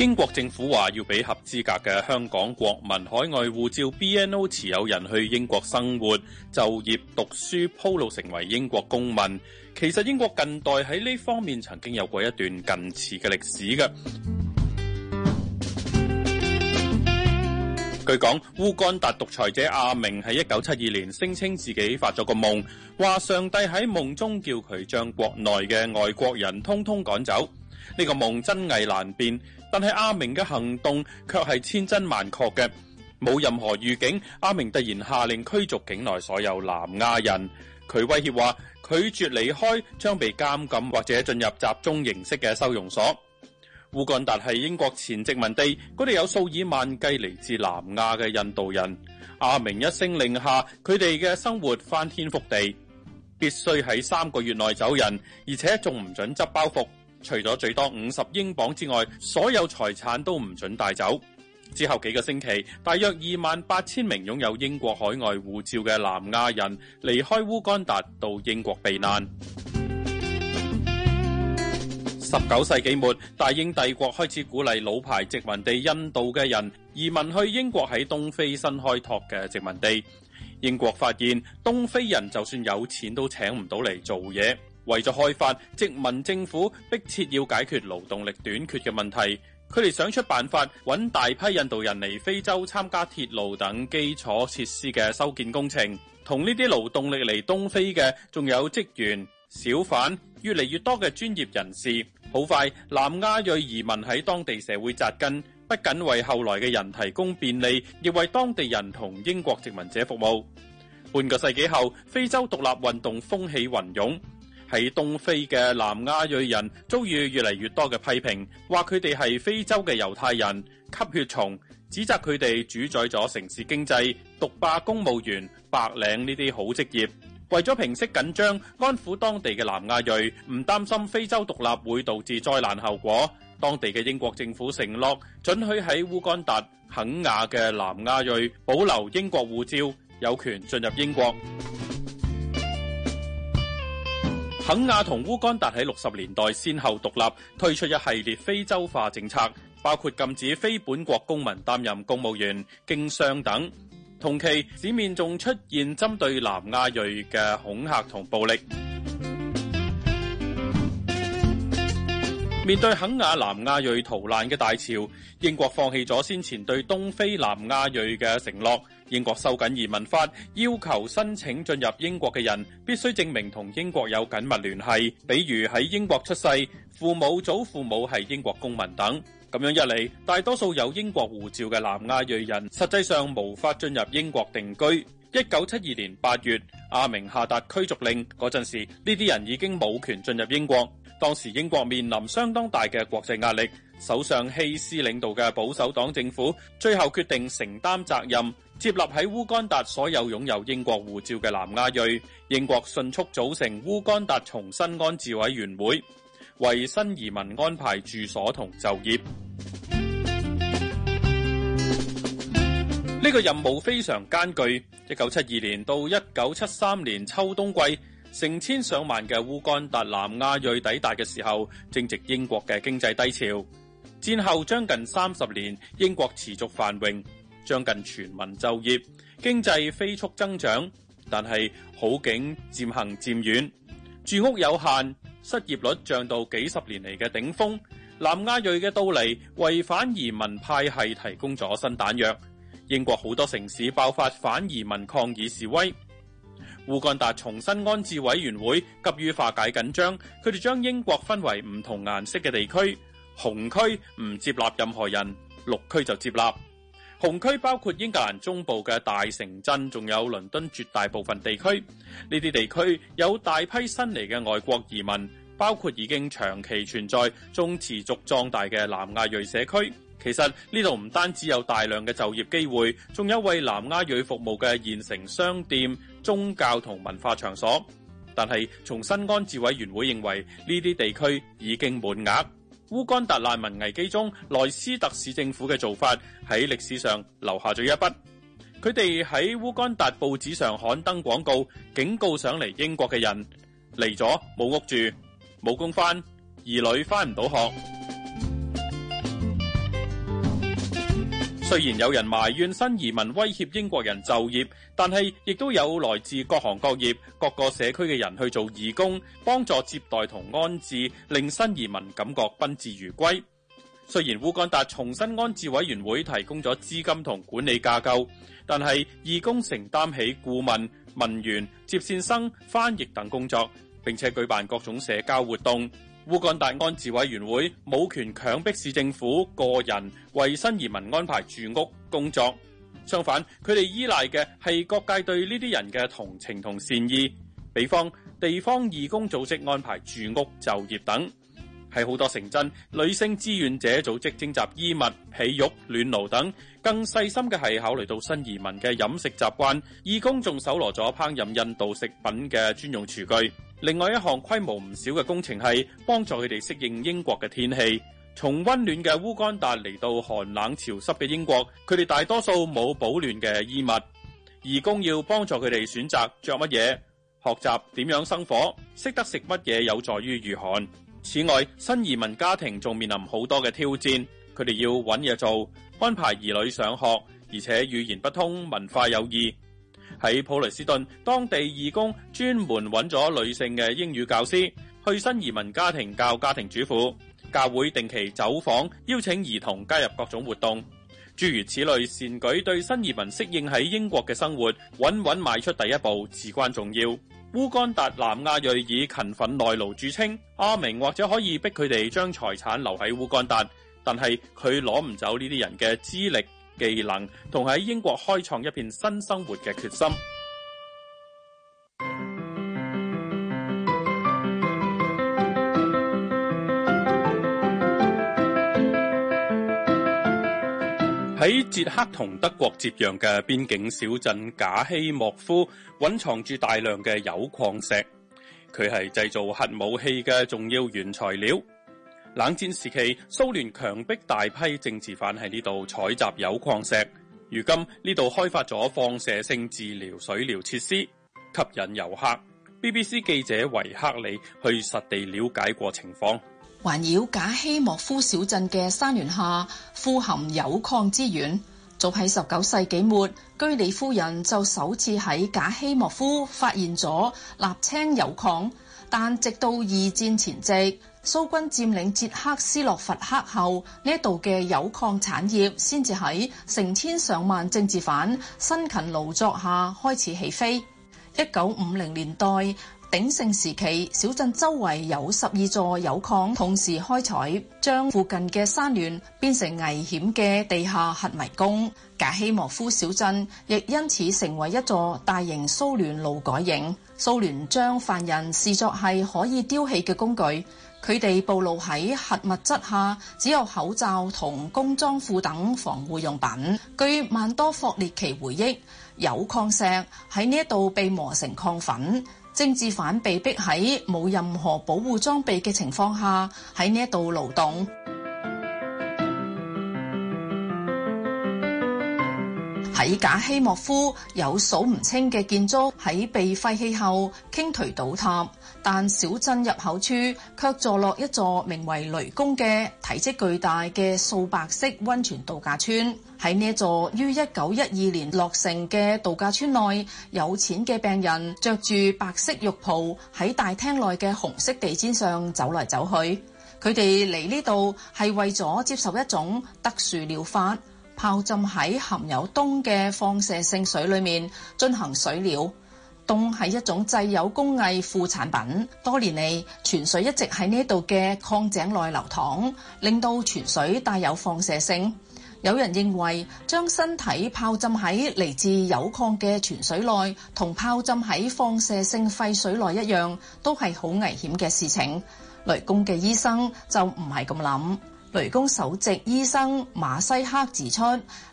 英國政府話要俾合資格嘅香港國民海外護照 BNO 持有人去英國生活、就業、讀書，鋪路成為英國公民。其實英國近代喺呢方面曾經有過一段近似嘅歷史嘅。 <music> 據講，烏干達獨裁者阿明喺一九七二年聲稱自己發咗個夢，話上帝喺夢中叫佢將國內嘅外國人通通趕走。呢個夢真偽難辨，但係阿明嘅行動卻係千真萬確嘅，冇任何預警。阿明突然下令驅逐境內所有南亞人，佢威脅話拒絕離開將被監禁或者進入集中形式嘅收容所。烏干達係英國前殖民地，嗰度有數以萬計嚟自南亞嘅印度人。阿明一聲令下，佢哋嘅生活翻天覆地，必須喺三個月內走人，而且仲唔準執包袱。除咗最多五十英鎊之外，所有財產都唔准帶走。之後幾個星期，大約二萬八千名擁有英國海外護照嘅南亞人離開烏干達到英國避難。十九世紀末，大英帝國開始鼓勵老牌殖民地印度嘅人移民去英國喺東非新開拓嘅殖民地。英國發現東非人就算有錢都請唔到嚟做嘢。為咗開發，殖民政府迫切要解決勞動力短缺嘅問題，佢哋想出辦法，揾大批印度人嚟非洲參加鐵路等基礎設施嘅修建工程。同呢啲勞動力嚟東非嘅，仲有職員、小販，越嚟越多嘅專業人士。好快，南亞裔移民喺當地社會紮根，不僅為後來嘅人提供便利，亦為當地人同英國殖民者服務。半個世紀後，非洲獨立運動風起雲湧。喺東非嘅南亞裔人遭遇越嚟越多嘅批評，話佢哋係非洲嘅猶太人、吸血蟲，指責佢哋主宰咗城市經濟、獨霸公務員、白領呢啲好職業。為咗平息緊張、安撫當地嘅南亞裔，唔擔心非洲獨立會導致災難後果，當地嘅英國政府承諾准許喺烏干達、肯亞嘅南亞裔保留英國護照，有權進入英國。肯亞同烏干達喺六十年代先後獨立，推出一系列非洲化政策，包括禁止非本國公民擔任公務員、經商等。同期，市面仲出現針對南亞裔嘅恐吓同暴力。面對肯亞南亞裔逃難嘅大潮，英國放棄咗先前對東非南亞裔嘅承諾。一九七二年八月，阿明下達驅逐令嗰陣時，呢啲人已經冇權進入英國。當時英國面臨相當大嘅國際壓力，首相希斯領導嘅保守黨政府最後決定承擔責任，接納喺烏干達所有擁有英國護照嘅南亞裔，英國迅速組成烏干達重新安置委員會，為新移民安排住所同就業。呢 <music> 個任務非常艱鉅。一九七二年到一九七三年秋冬季，成千上萬嘅烏干達南亞裔抵達嘅時候，正值英國嘅經濟低潮。戰後將近三十年，英國持續繁榮。將近全民就業，經濟飛速增長，但係好景漸行漸遠，住屋有限，失業率漲到幾十年嚟嘅頂峰。南亞裔嘅到嚟，為反移民派系提供咗新彈藥。英國好多城市爆發反移民抗議示威。烏干達重新安置委員會急於化解緊張，佢哋將英國分為唔同顏色嘅地區，紅區唔接納任何人，綠區就接納。紅區包括英格蘭中部嘅大城鎮，仲有倫敦絕大部分地區。呢啲地區有大批新嚟嘅外國移民，包括已經長期存在、仲持續壯大嘅南亞裔社區。其實呢度唔單止有大量嘅就業機會，仲有為南亞裔服務嘅現成商店、宗教同文化場所。但係，從新安置委員會認為呢啲地區已經滿額。烏干達難民危機中，萊斯特市政府嘅做法喺歷史上留下咗一筆。佢哋喺烏干達報紙上刊登廣告，警告上嚟英國嘅人嚟咗冇屋住、冇工返、兒女返唔到學。雖然有人埋怨新移民威脅英國人就業，但係亦都有來自各行各業、各個社區嘅人去做義工，幫助接待同安置，令新移民感覺賓至如歸。雖然烏干達重新安置委員會提供咗資金同管理架構，但係義工承擔起顧問、文員、接線生、翻譯等工作，並且舉辦各種社交活動。烏干達安置委員會冇權強逼市政府個人為新移民安排住屋工作，相反，佢哋依賴嘅係各界對呢啲人嘅同情同善意。比方，地方義工組織安排住屋、就業等，喺好多城鎮，女性志願者組織徵集衣物、被褥、暖爐等，更細心嘅係考慮到新移民嘅飲食習慣，義工仲搜羅咗烹飪印度食品嘅專用廚具。另外一項規模唔少嘅工程係幫助佢哋適應英國嘅天氣，從温暖嘅烏干達嚟到寒冷潮濕嘅英國，佢哋大多數冇保暖嘅衣物，義工要幫助佢哋選擇着乜嘢，學習點樣生火，識得食乜嘢有助於御寒。此外，新移民家庭仲面臨好多嘅挑戰，佢哋要揾嘢做，安排兒女上學，而且語言不通，文化有異。喺普雷斯頓，當地義工專門揾咗女性嘅英語教師，去新移民家庭教家庭主婦。教會定期走訪，邀請兒童加入各種活動。諸如此類善舉，對新移民適應喺英國嘅生活，穩穩邁出第一步，至關重要。烏干達南亞裔以勤奮耐勞著稱，阿明或者可以逼佢哋將財產留喺烏干達，但係佢攞唔走呢啲人嘅資歷。技能同喺英國開創一片新生活嘅決心。喺 <music> 捷克同德國接壤嘅邊境小鎮賈希莫夫，蘊藏住大量嘅鈾礦石，佢係製造核武器嘅重要原材料。冷戰時期，蘇聯強迫大批政治犯喺呢度採集鈾礦石。如今呢度開發咗放射性治療水療設施，吸引遊客。BBC 記者維克里去實地了解過情況。環繞賈希莫夫小鎮嘅山巒下，富含鈾礦資源。早喺十九世紀末，居里夫人就首次喺賈希莫夫發現咗瀝青鈾礦，但直到二戰前夕，蘇軍佔領捷克斯洛伐克後，呢度嘅鈾礦產業先至喺成千上萬政治犯辛勤勞作下開始起飛。一九五零年代鼎盛時期，小鎮周圍有十二座鈾礦，同時開採，將附近嘅山巒變成危險嘅地下核迷宮。格希莫夫小鎮亦因此成為一座大型蘇聯勞改營。蘇聯將犯人視作係可以丟棄嘅工具，佢哋暴露喺核物質下，只有口罩同工裝褲等防護用品。據曼多霍列奇回憶，有礦石喺呢一度被磨成礦粉，政治犯被逼喺冇任何保護裝備嘅情況下喺呢一度勞動。喺賈希莫夫有數唔清嘅建築喺被廢棄後傾頹倒塌，但小鎮入口處卻坐落一座名為雷公嘅體積巨大嘅素白色溫泉度假村。喺呢座於一九一二年落成嘅度假村內，有錢嘅病人着住白色浴袍喺大廳內嘅紅色地氈上走來走去。佢哋嚟呢度係為咗接受一種特殊療法。泡浸喺含有氡嘅放射性水裏面進行水療，氡係一種製鈾工藝副產品。多年嚟，泉水一直喺呢度嘅礦井內流淌，令到泉水帶有放射性。有人認為將身體泡浸喺嚟自鈾礦嘅泉水內，同泡浸喺放射性廢水內一樣，都係好危險嘅事情。雷公嘅醫生就唔係咁諗。雷公首席醫生馬西克指出，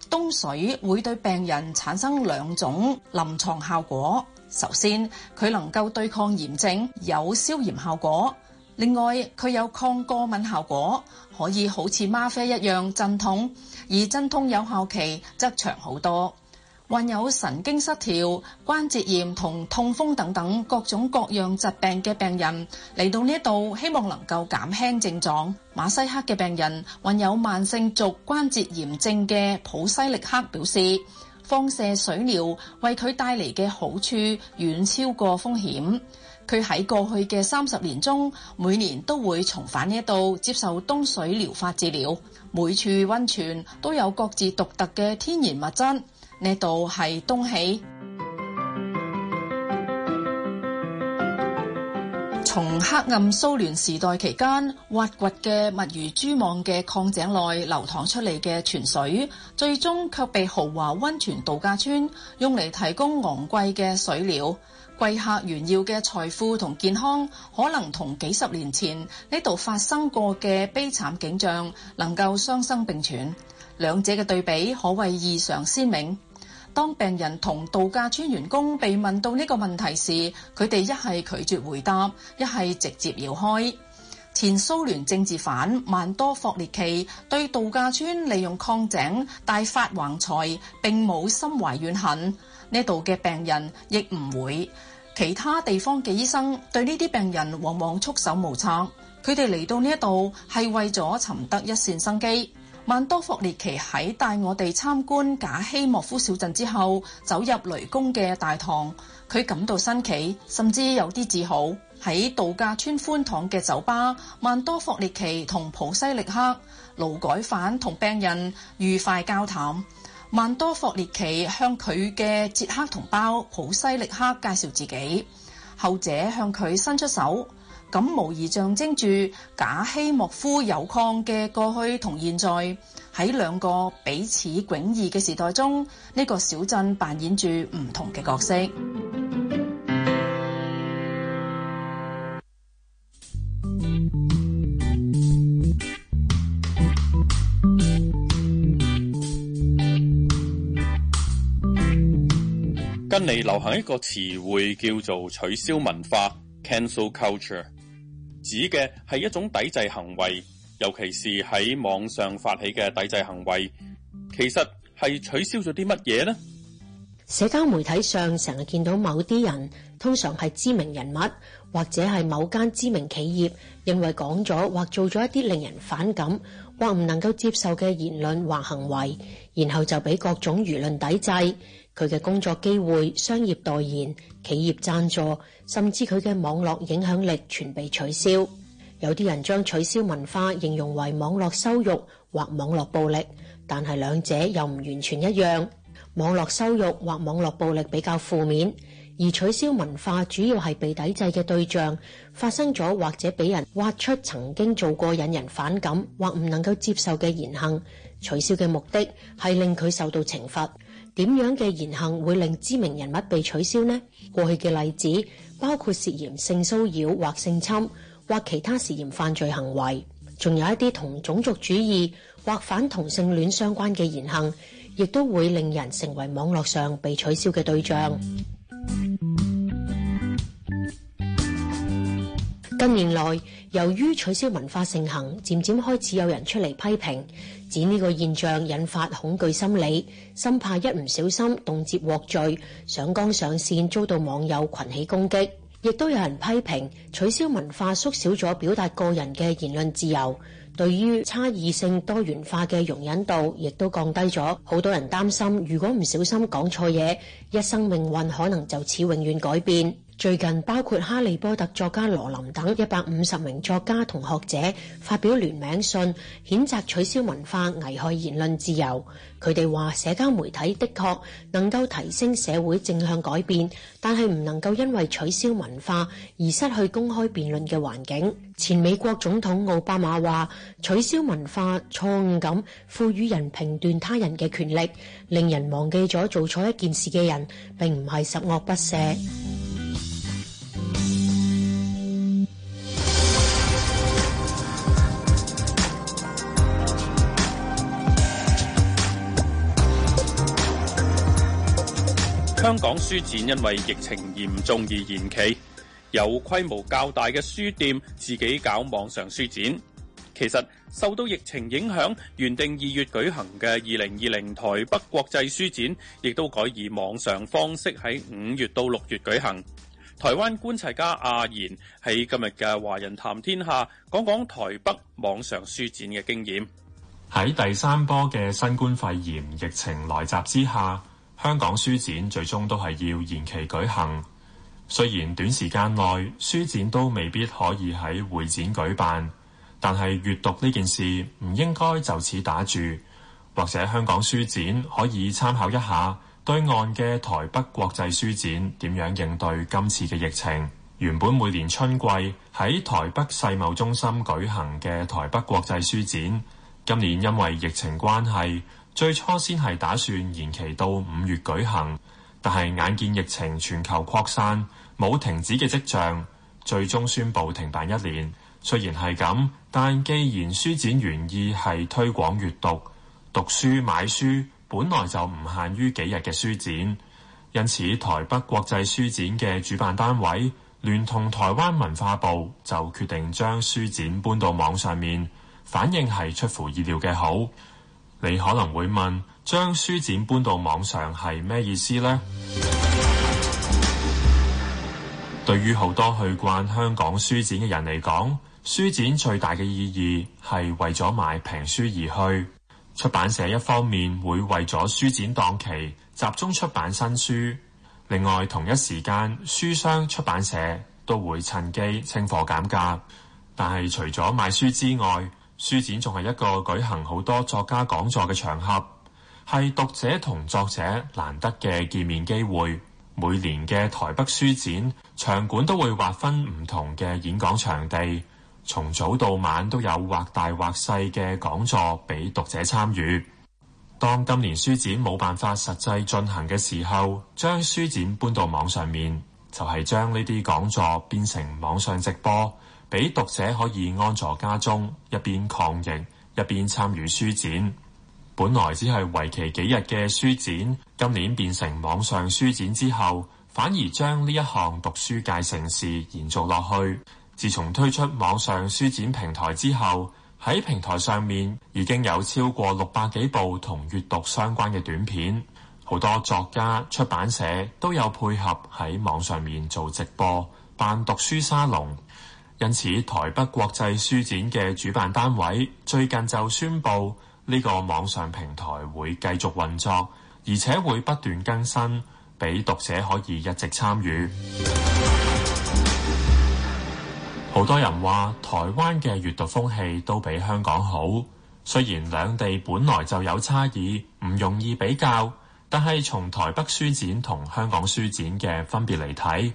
冬水會對病人產生兩種臨床效果。首先，佢能夠對抗炎症，有消炎效果；另外，佢有抗過敏效果，可以好似嗎啡一樣鎮痛，而鎮痛有效期則長好多。患有神經失調、關節炎同痛風等等各種各樣疾病嘅病人嚟到呢度，希望能夠減輕症狀。馬西克嘅病人患有慢性軸關節炎症嘅普西力克表示，放射水療為佢帶嚟嘅好處遠超過風險。佢喺過去嘅三十年中，每年都會重返呢一度接受冬水療法治療。每處温泉都有各自獨特嘅天然物質。呢度係東起從黑暗蘇聯時代期間挖掘嘅密如蛛網嘅礦井內流淌出嚟嘅泉水，最終卻被豪華溫泉度假村用嚟提供昂貴嘅水療。貴客炫耀嘅財富同健康，可能同幾十年前呢度發生過嘅悲慘景象能夠相生並存，兩者嘅對比可謂異常鮮明。當病人同度假村員工被問到呢個問題時，佢哋一係拒絕回答，一係直接搖開。前蘇聯政治犯萬多霍列奇對度假村利用礦井大發橫財，並冇心懷怨恨。呢度嘅病人亦唔會。其他地方嘅醫生對呢啲病人往往束手無策。佢哋嚟到呢一度係為咗尋得一線生機。萬多霍列奇喺帶我哋參觀賈希莫夫小鎮之後，走入雷公嘅大堂，佢感到新奇，甚至有啲自豪。喺度假村寬敞嘅酒吧，萬多霍列奇同普西力克勞改犯同病人愉快交談。萬多霍列奇向佢嘅捷克同胞普西力克介紹自己，後者向佢伸出手。咁，無疑象徵住賈希莫夫鈾礦嘅過去同現在喺兩個彼此迥異嘅時代中，呢個小鎮扮演住唔同嘅角色。近年流行一個詞彙叫做取消文化 （cancel culture）。指嘅係一種抵制行為，尤其是喺網上發起嘅抵制行為，其實係取消咗啲乜嘢呢？社交媒體上成日見到某啲人，通常係知名人物或者係某間知名企業，因為講咗或做咗一啲令人反感或唔能夠接受嘅言論或行為，然後就俾各種輿論抵制。佢嘅工作機會、商業代言、企業贊助，甚至佢嘅網絡影響力全被取消。有啲人將取消文化形容為網絡羞辱或網絡暴力，但係兩者又唔完全一樣。網絡羞辱或網絡暴力比較負面，而取消文化主要係被抵制嘅對象發生咗或者俾人挖出曾經做過引人反感或唔能夠接受嘅言行，取消嘅目的係令佢受到懲罰。點樣嘅言行會令知名人物被取消呢？過去嘅例子包括涉嫌性騷擾或性侵，或其他涉嫌犯罪行為，仲有一啲同種族主義或反同性戀相關嘅言行，亦都會令人成為網絡上被取消嘅對象。近年來，由於取消文化盛行，漸漸開始有人出嚟批評。指呢個現象引發恐懼心理，心怕一唔小心動輒獲罪，上綱上線遭到網友群起攻擊，亦都有人批評取消文化縮小咗表達個人嘅言論自由，對於差異性多元化嘅容忍度亦都降低咗。好多人擔心，如果唔小心講錯嘢，一生命運可能就此永遠改變。最近，包括哈利波特作家羅琳等一百五十名作家同學者發表聯名信，譴責取消文化危害言論自由。佢哋話，社交媒體的確能夠提升社會正向改變，但係唔能夠因為取消文化而失去公開辯論嘅環境。前美國總統奧巴馬話：取消文化錯誤咁賦予人評斷他人嘅權力，令人忘記咗做錯一件事嘅人，並唔係十惡不赦。香港書展因為疫情嚴重而延期，有規模較大嘅書店自己搞網上書展。其實受到疫情影響，原定二月舉行嘅二零二零台北國際書展，亦都改以網上方式喺五月到六月舉行。台灣觀察家阿言喺今日嘅《華人談天下》講講台北網上書展嘅經驗。喺第三波嘅新冠肺炎疫情來襲之下。香港書展最終都係要延期舉行，雖然短時間內書展都未必可以喺會展舉辦，但係閱讀呢件事唔應該就此打住，或者香港書展可以參考一下對岸嘅台北國際書展點樣應對今次嘅疫情。原本每年春季喺台北世貿中心舉行嘅台北國際書展，今年因為疫情關係，最初先係打算延期到五月舉行，但係眼見疫情全球擴散，冇停止嘅跡象，最終宣佈停辦一年。雖然係咁，但既然書展原意係推廣閱讀、讀書買書，本來就唔限於幾日嘅書展，因此台北國際書展嘅主辦單位聯同台灣文化部就決定將書展搬到網上面，反應係出乎意料嘅好。你可能會問，將書展搬到網上係咩意思呢？」 <music> 對於好多去慣香港書展嘅人嚟講，書展最大嘅意義係為咗買平書而去。出版社一方面會為咗書展檔期集中出版新書，另外同一時間書商出版社都會趁機清貨減價。但係除咗買書之外，書展仲係一個舉行好多作家講座嘅場合，係讀者同作者難得嘅見面機會。每年嘅台北書展，場館都會劃分唔同嘅演講場地，從早到晚都有或大或細嘅講座俾讀者參與。當今年書展冇辦法實際進行嘅時候，將書展搬到網上面，就係將呢啲講座變成網上直播。俾讀者可以安坐家中，一邊抗疫，一邊參與書展。本來只係為期幾日嘅書展，今年變成網上書展之後，反而將呢一項讀書界盛事延續落去。自從推出網上書展平台之後，喺平台上面已經有超過六百幾部同閱讀相關嘅短片，好多作家出版社都有配合喺網上面做直播、辦讀書沙龍。因此，台北國際書展嘅主辦單位最近就宣布，呢個網上平台會繼續運作，而且會不斷更新，俾讀者可以一直參與。好 <noise> 多人話台灣嘅閱讀風氣都比香港好。雖然兩地本來就有差異，唔容易比較，但係從台北書展同香港書展嘅分別嚟睇。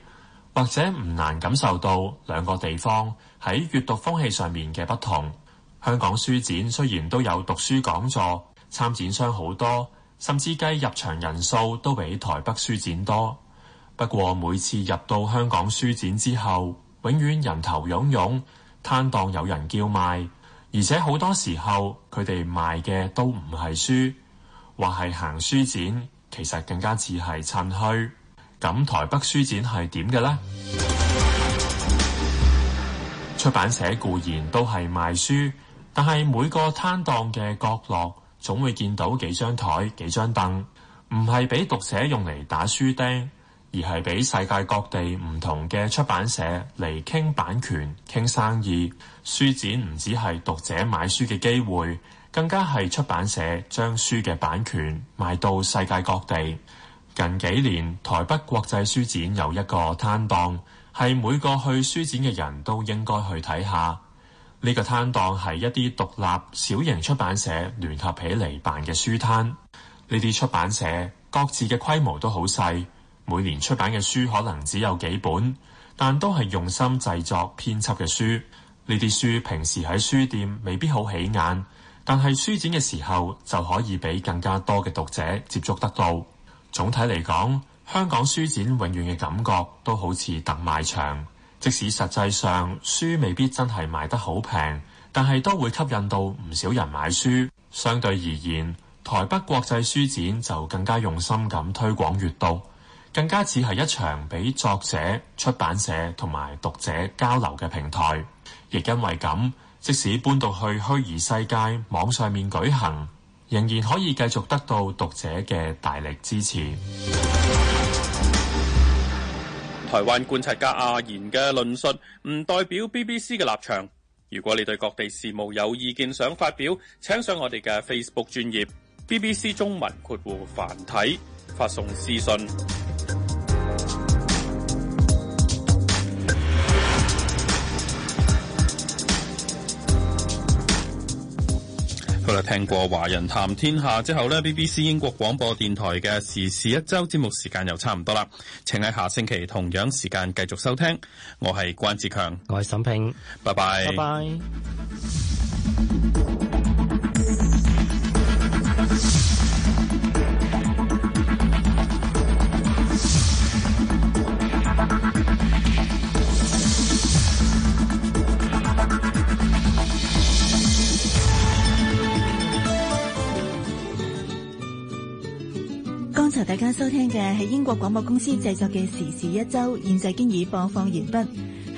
或者唔難感受到兩個地方喺閱讀風氣上面嘅不同。香港書展雖然都有讀書講座，參展商好多，甚至計入場人數都比台北書展多。不過每次入到香港書展之後，永遠人頭湧湧，攤檔有人叫賣，而且好多時候佢哋賣嘅都唔係書，話係行書展，其實更加似係趁墟。咁台北書展係點嘅呢？出版社固然都係賣書，但係每個攤檔嘅角落總會見到幾張台、幾張凳，唔係俾讀者用嚟打書釘，而係俾世界各地唔同嘅出版社嚟傾版權、傾生意。書展唔只係讀者買書嘅機會，更加係出版社將書嘅版權賣到世界各地。近幾年，台北國際書展有一個攤檔，係每個去書展嘅人都應該去睇下。呢個攤檔係一啲獨立小型出版社聯合起嚟辦嘅書攤。呢啲出版社各自嘅規模都好細，每年出版嘅書可能只有幾本，但都係用心製作編輯嘅書。呢啲書平時喺書店未必好起眼，但係書展嘅時候就可以俾更加多嘅讀者接觸得到。總體嚟講，香港書展永遠嘅感覺都好似特賣場，即使實際上書未必真係賣得好平，但係都會吸引到唔少人買書。相對而言，台北國際書展就更加用心咁推廣閱讀，更加似係一場俾作者、出版社同埋讀者交流嘅平台。亦因為咁，即使搬到去虛擬世界網上面舉行，仍然可以繼續得到讀者嘅大力支持。台灣觀察家阿賢嘅論述唔代表 BBC 嘅立場。如果你對各地事務有意見想發表，請上我哋嘅 Facebook 專頁 BBC 中文括弧繁體發送私信。我哋聽過華人談天下之後呢，BBC 英國廣播電台嘅時事一周節目時間又差唔多啦，請喺下星期同樣時間繼續收聽。我係關志強，我係沈平，拜拜 bye。Bye bye 大家收聽嘅係英國廣播公司製作嘅《時事一周》，現在經已播放完畢。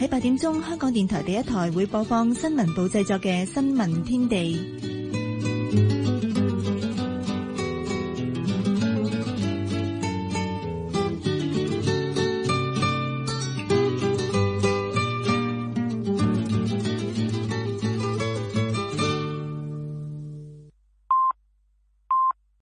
喺八點鐘，香港電台第一台會播放新聞部製作嘅《新聞天地》。